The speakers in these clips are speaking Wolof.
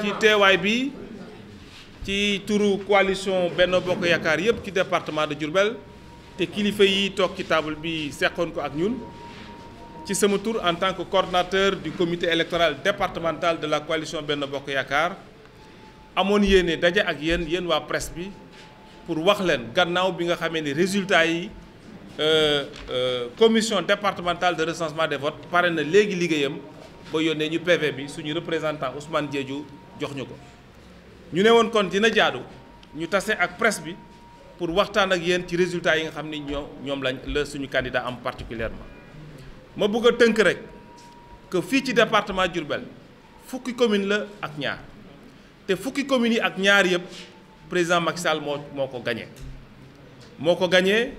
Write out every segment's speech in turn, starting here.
ci teewaay bi ci turu coalition Benno Bokk Yakar, yëpp ci département de Diourbel te kilifa yi toog ci table bi seqoon ko ak ñun ci sama en tant que coordinateur du comité électoral départemental de la coalition Benno Bokk Yakar, amoon yéene daje ak yéen yéen waa presse bi pour wax leen gannaaw bi nga xamee ni résultat yi euh, euh, commission départementale de recensement des votes pare Légui léegi liggéeyam ba yónnee ñu PV bi suñu représentant Ousmane Diédiou nous ñu ne kon dina jaadu presse pour waxtaan ak résultats yi nga xamni candidat particulièrement ma bëgg a rek que fi ci département le fukki commune la ak ñaar te fukki commune ak ñaar président Macky Sall gagné moko gagné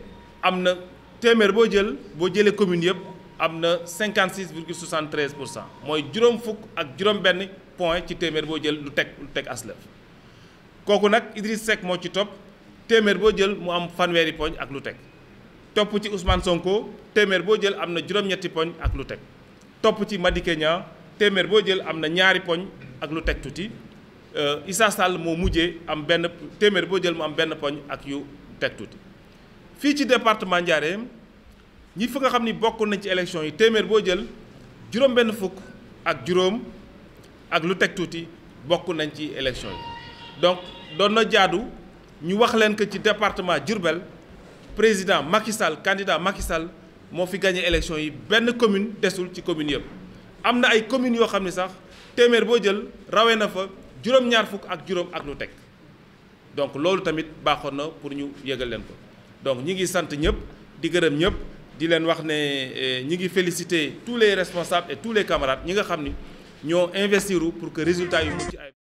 jël point ci téeméer boo jël lu teg lu teg aslëf kooku nag Idriss Seck moo ci topp téeméer boo jël mu am fanweeri poñ ak lu teg topp ci Ousmane Sonko téeméer boo jël am na juróom-ñetti poñ ak lu teg topp ci Madické Niang téeméer boo jël am na ñaari poñ ak lu teg tuuti euh, Issa Sall moo mujjee am benn téeméer boo jël mu am benn poñ ak yu teg tuuti fii ci département Ndiarème ñi fa nga xam ni bokk nañ ci élection yi téeméer boo jël juróom benn fukk ak juróom ak lu tek tuuti bokku nañ ci élection yi donc doon na jaadu ñu wax leen que ci département Diourbel président Macky Sall candidat Macky Sall mo fi gagné élection yi ben commune dessul ci commune yëpp amna ay commune yo xamni sax témèr bo jël rawee na fa juróom-ñaar fuk ak juróom ak lu tek donc lolu tamit baaxoon na pour ñu yëgal leen ko donc ñi ngi sante ñëpp di gërëm ñëpp di leen wax né eh, ñi ngi féliciter tous les responsables et tous les camarades ñi nga xamni nous investirons para que le résultat soit